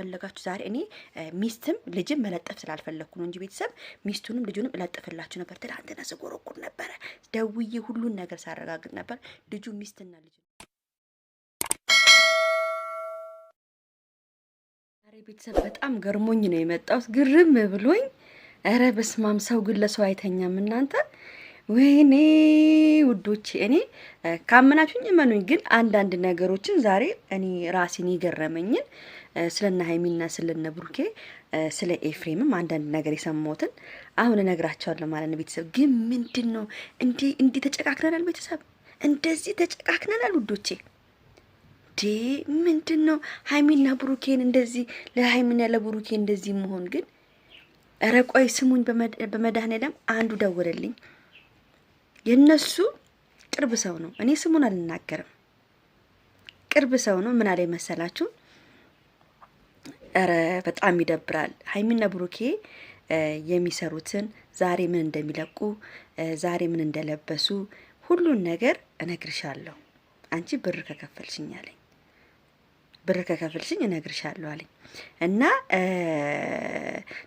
ከፈለጋችሁ ዛሬ እኔ ሚስትም ልጅም መለጠፍ ስላልፈለግኩ ነው እንጂ ቤተሰብ ሚስቱንም ልጁንም እለጥፍላችሁ ነበር። ትላንትና ስጎረጉር ነበረ፣ ደውዬ ሁሉን ነገር ሳረጋግጥ ነበር። ልጁ ሚስትና ልጅ ዛሬ ቤተሰብ በጣም ገርሞኝ ነው የመጣሁት፣ ግርም ብሎኝ። ረ በስማም ሰው ግን ለሰው አይተኛም እናንተ ወይኔ ውዶቼ እኔ ካመናችሁኝ እመኑኝ፣ ግን አንዳንድ ነገሮችን ዛሬ እኔ ራሴን የገረመኝን ስለነ ሀይሚና ስለነ ብሩኬ ስለ ኤፍሬምም አንዳንድ ነገር የሰማሁትን አሁን እነግራቸዋለሁ ማለት ነው። ቤተሰብ ግን ምንድን ነው እንዲ እንዲ ተጨቃክነናል፣ ቤተሰብ እንደዚህ ተጨቃክነናል ውዶቼ። እንዴ ምንድን ነው ሀይሚና ብሩኬን እንደዚህ ለሀይሚና ለብሩኬ እንደዚህ መሆን ግን? ረቆይ ቆይ ስሙኝ፣ በመድኃኔዓለም አንዱ ደወለልኝ የእነሱ ቅርብ ሰው ነው። እኔ ስሙን አልናገርም። ቅርብ ሰው ነው። ምን አለ መሰላችሁ? ኧረ በጣም ይደብራል። ሀይሚና ብሩኬ የሚሰሩትን ዛሬ ምን እንደሚለቁ ዛሬ ምን እንደለበሱ ሁሉን ነገር እነግርሻለሁ አንቺ ብር ከከፈልሽኛለኝ ብር ከከፍልሽኝ እነግርሻለሁ አለኝ እና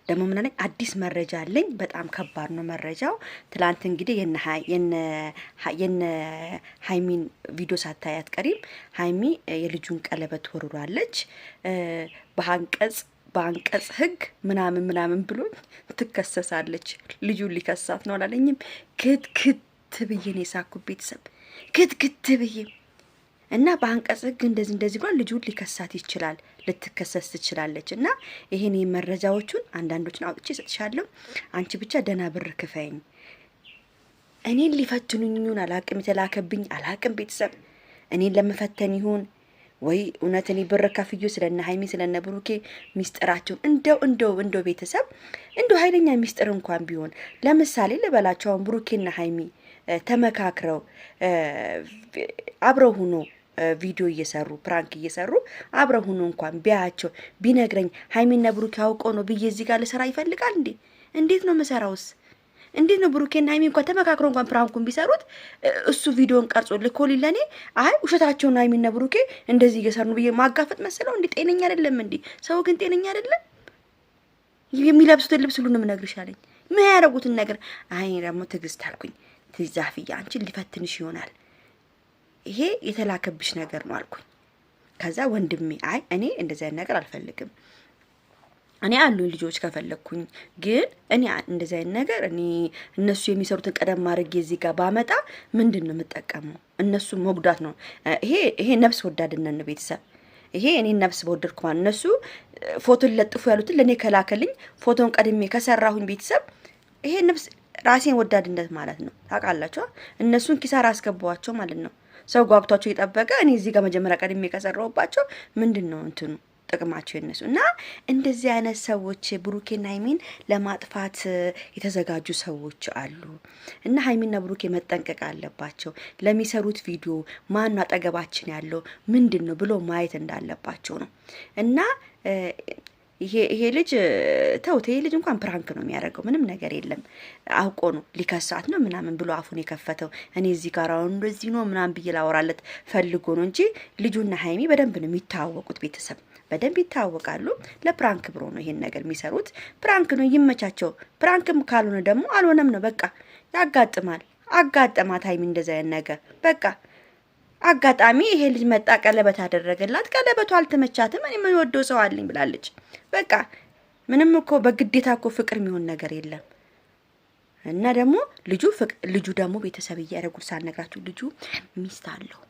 ደግሞ ምን አለኝ፣ አዲስ መረጃ አለኝ። በጣም ከባድ ነው መረጃው። ትላንት እንግዲህ የነ ሀይሚን ቪዲዮ ሳታያት ቀሪም ሀይሚ የልጁን ቀለበት ወርውራለች በአንቀጽ በአንቀጽ ህግ ምናምን ምናምን ብሎ ትከሰሳለች። ልጁን ሊከሳት ነው አላለኝም። ክትክት ብዬ ነው የሳኩ ቤተሰብ ክትክት ብዬ እና በአንቀጽ ህግ እንደዚህ እንደዚህ ብሏል፣ ልጁን ሊከሳት ይችላል፣ ልትከሰስ ትችላለች። እና ይሄን መረጃዎቹን አንዳንዶችን አውጥቼ እሰጥሻለሁ። አንቺ ብቻ ደህና ብር ክፈኝ። እኔን ሊፈትኑኝን አላቅም፣ የተላከብኝ አላቅም። ቤተሰብ እኔን ለመፈተን ይሁን ወይ እውነት እኔ ብር ከፍዩ ስለነ ሀይሜ ስለነ ብሩኬ ሚስጥራቸው እንደው እንደው እንደው ቤተሰብ እንደው ሀይለኛ ሚስጥር እንኳን ቢሆን ለምሳሌ ልበላቸውን ብሩኬና ሀይሜ ተመካክረው አብረው ሁኖ ቪዲዮ እየሰሩ ፕራንክ እየሰሩ አብረው እንኳን ቢያያቸው ቢነግረኝ ሀይሚና ብሩኬ አውቀው ነው ብዬ እዚህ ጋር ልሰራ ይፈልጋል እንዴ? እንዴት ነው መሰራውስ? እንዴት ነው ብሩኬና ሀይሚ እንኳን ተመካክሮ እንኳን ፕራንኩን ቢሰሩት እሱ ቪዲዮን ቀርጾ ልኮልኝ ለእኔ አይ ውሸታቸውን ሀይሚና ብሩኬ እንደዚህ እየሰሩ ነው ብዬ ማጋፈጥ መስለው እንዴ? ጤነኛ አይደለም እንዴ? ሰው ግን ጤነኛ አይደለም። የሚለብሱትን ልብስ ሁሉንም እነግርሻለኝ። ምን ያደረጉትን ነገር አይ ደግሞ ትዕግስት አልኩኝ። ትዛፍያ አንቺን ሊፈትንሽ ይሆናል ይሄ የተላከብሽ ነገር ነው አልኩኝ። ከዛ ወንድሜ አይ እኔ እንደዚህ አይነት ነገር አልፈልግም እኔ አሉኝ ልጆች ከፈለግኩኝ ግን እኔ እንደዚህ አይነት ነገር እኔ እነሱ የሚሰሩትን ቀደም አድርጌ እዚህ ጋር ባመጣ ምንድን ነው የምጠቀመው? እነሱ መጉዳት ነው። ይሄ ይሄ ነፍስ ወዳድነት ነው ቤተሰብ። ይሄ እኔ ነፍስ በወደድኩ ማለት እነሱ ፎቶን ለጥፉ ያሉትን ለእኔ ከላከልኝ ፎቶን ቀድሜ ከሰራሁኝ ቤተሰብ ይሄ ነፍስ ራሴን ወዳድነት ማለት ነው። ታውቃላችኋ? እነሱን ኪሳራ አስገባዋቸው ማለት ነው። ሰው ጓጉቷቸው የጠበቀ እኔ እዚህ ጋር መጀመሪያ ቀድሜ ከሰራሁባቸው ምንድን ነው እንትኑ ጥቅማቸው የነሱ እና እንደዚህ አይነት ሰዎች ብሩኬና ሀይሚን ለማጥፋት የተዘጋጁ ሰዎች አሉ። እና ሀይሚና ብሩኬ መጠንቀቅ አለባቸው። ለሚሰሩት ቪዲዮ ማን አጠገባችን ያለው ምንድን ነው ብሎ ማየት እንዳለባቸው ነው እና ይሄ ልጅ ተውት፣ ይሄ ልጅ እንኳን ፕራንክ ነው የሚያደርገው፣ ምንም ነገር የለም። አውቆ ነው ሊከሳት ነው ምናምን ብሎ አፉን የከፈተው። እኔ እዚህ ጋር አሁን እንደዚህ ነው ምናምን ብዬ ላወራለት ፈልጎ ነው እንጂ ልጁና ሀይሚ በደንብ ነው የሚታወቁት። ቤተሰብ በደንብ ይታወቃሉ። ለፕራንክ ብሎ ነው ይሄን ነገር የሚሰሩት። ፕራንክ ነው፣ ይመቻቸው። ፕራንክም ካልሆነ ደግሞ አልሆነም ነው በቃ። ያጋጥማል። አጋጠማት ሀይሚ እንደዛ ነገር በቃ አጋጣሚ ይሄ ልጅ መጣ፣ ቀለበት አደረገላት። ቀለበቱ አልተመቻትም። እኔ የምወደው ሰው አለኝ ብላለች። በቃ ምንም እኮ በግዴታ እኮ ፍቅር የሚሆን ነገር የለም። እና ደግሞ ልጁ ልጁ ደግሞ ቤተሰብ እያደረጉት ሳልነግራችሁ ልጁ ሚስት አለው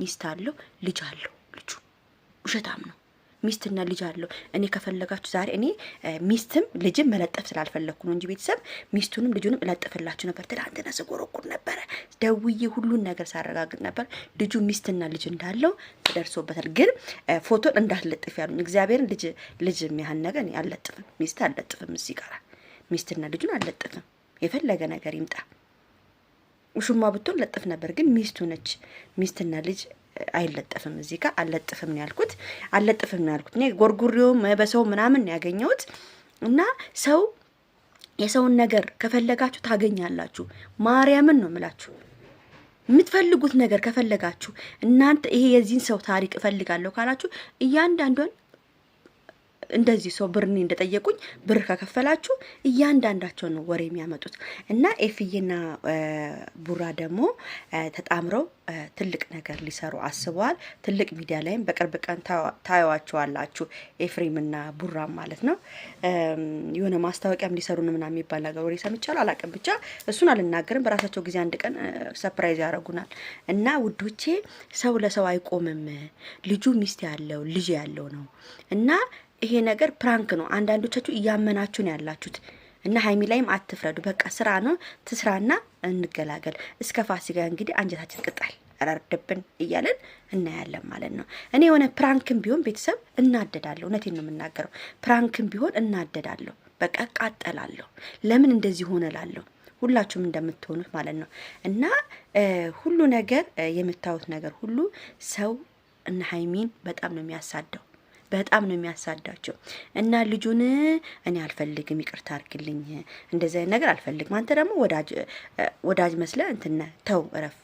ሚስት አለው ልጅ አለው። ልጁ ውሸታም ነው። ሚስትና ልጅ አለው። እኔ ከፈለጋችሁ ዛሬ እኔ ሚስትም ልጅም መለጠፍ ስላልፈለግኩ ነው እንጂ ቤተሰብ ሚስቱንም ልጁንም እለጥፍላችሁ ነበር። ትላንትና ስጎረጉር ነበረ፣ ደውዬ ሁሉን ነገር ሳረጋግጥ ነበር። ልጁ ሚስትና ልጅ እንዳለው ደርሶበታል። ግን ፎቶን እንዳትለጥፍ ያሉ እግዚአብሔርን ልጅ ልጅ የሚያህል ነገር አልለጥፍም፣ ሚስት አልለጥፍም። እዚህ ጋር ሚስትና ልጁን አልለጥፍም። የፈለገ ነገር ይምጣ። ውሹማ ብትሆን ለጥፍ ነበር፣ ግን ሚስቱ ነች። ሚስትና ልጅ አይለጠፍም። እዚህ ጋር አለጥፍም ያልኩት አለጥፍም ያልኩት እኔ ጎርጉሬው በሰው ምናምን ያገኘሁት እና ሰው የሰውን ነገር ከፈለጋችሁ ታገኛላችሁ። ማርያምን ነው የምላችሁ። የምትፈልጉት ነገር ከፈለጋችሁ እናንተ ይሄ የዚህን ሰው ታሪክ እፈልጋለሁ ካላችሁ እያንዳንዷን እንደዚህ ሰው ብርኒ እንደጠየቁኝ ብር ከከፈላችሁ እያንዳንዳቸው ነው ወሬ የሚያመጡት እና ኤፍዬና ቡራ ደግሞ ተጣምረው ትልቅ ነገር ሊሰሩ አስበዋል። ትልቅ ሚዲያ ላይም በቅርብ ቀን ታየዋቸዋላችሁ። ኤፍሬምና ቡራ ማለት ነው። የሆነ ማስታወቂያም ሊሰሩ ነው ምናምን የሚባል ነገር ወሬ ሰምቻለሁ። አላቅም ብቻ እሱን አልናገርም። በራሳቸው ጊዜ አንድ ቀን ሰፕራይዝ ያደረጉናል። እና ውዶቼ ሰው ለሰው አይቆምም። ልጁ ሚስት ያለው ልጅ ያለው ነው እና ይሄ ነገር ፕራንክ ነው። አንዳንዶቻችሁ እያመናችሁ ነው ያላችሁት እና ሀይሚ ላይም አትፍረዱ። በቃ ስራ ነው ትስራና እንገላገል። እስከ ፋሲካ እንግዲህ አንጀታችን ቅጣል አላርደብን እያለን እናያለን ማለት ነው። እኔ የሆነ ፕራንክም ቢሆን ቤተሰብ እናደዳለሁ። እውነቴን ነው የምናገረው። ፕራንክም ቢሆን እናደዳለሁ። በቃ ቃጠላለሁ። ለምን እንደዚህ ላለሁ ሁላችሁም እንደምትሆኑት ማለት ነው። እና ሁሉ ነገር የምታዩት ነገር ሁሉ ሰው እና ሀይሚን በጣም ነው የሚያሳደው። በጣም ነው የሚያሳዳቸው። እና ልጁን እኔ አልፈልግም፣ ይቅርታ አርግልኝ፣ አድርግልኝ፣ አይነት ነገር አልፈልግም። አንተ ደግሞ ወዳጅ መስለ እንትነ ተው፣ እረፍ።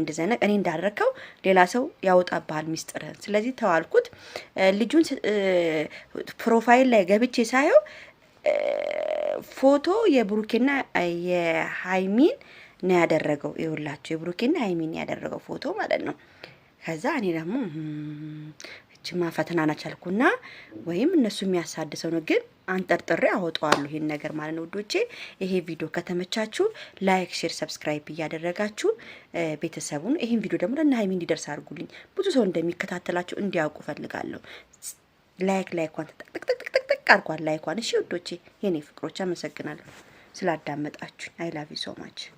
እንደዚህ ነገር እኔ እንዳደረከው ሌላ ሰው ያወጣብሃል ሚስጥርህን። ስለዚህ ተው አልኩት። ልጁን ፕሮፋይል ላይ ገብቼ ሳየው ፎቶ የብሩኬና የሀይሚን ነው ያደረገው። ይኸውላችሁ የብሩኬና ሀይሚን ያደረገው ፎቶ ማለት ነው። ከዛ እኔ ደግሞ ችማ ፈተና ናች አልኩና ወይም እነሱ የሚያሳድሰው ነው ግን አንጠርጥሬ አወጣዋለሁ ይህን ነገር ማለት ነው። ውዶቼ ይሄ ቪዲዮ ከተመቻችሁ ላይክ፣ ሼር፣ ሰብስክራይብ እያደረጋችሁ ቤተሰቡን ይህን ቪዲዮ ደግሞ ለእነ ሀይሚ እንዲደርስ አድርጉልኝ። ብዙ ሰው እንደሚከታተላችሁ እንዲያውቁ ፈልጋለሁ። ላይክ ላይኳን ተጠቅጠቅጠቅጠቅ አድርጓል ላይኳን። እሺ ውዶቼ የኔ ፍቅሮች አመሰግናለሁ ስላዳመጣችሁኝ። አይ ላቭ ዩ ሶ ማች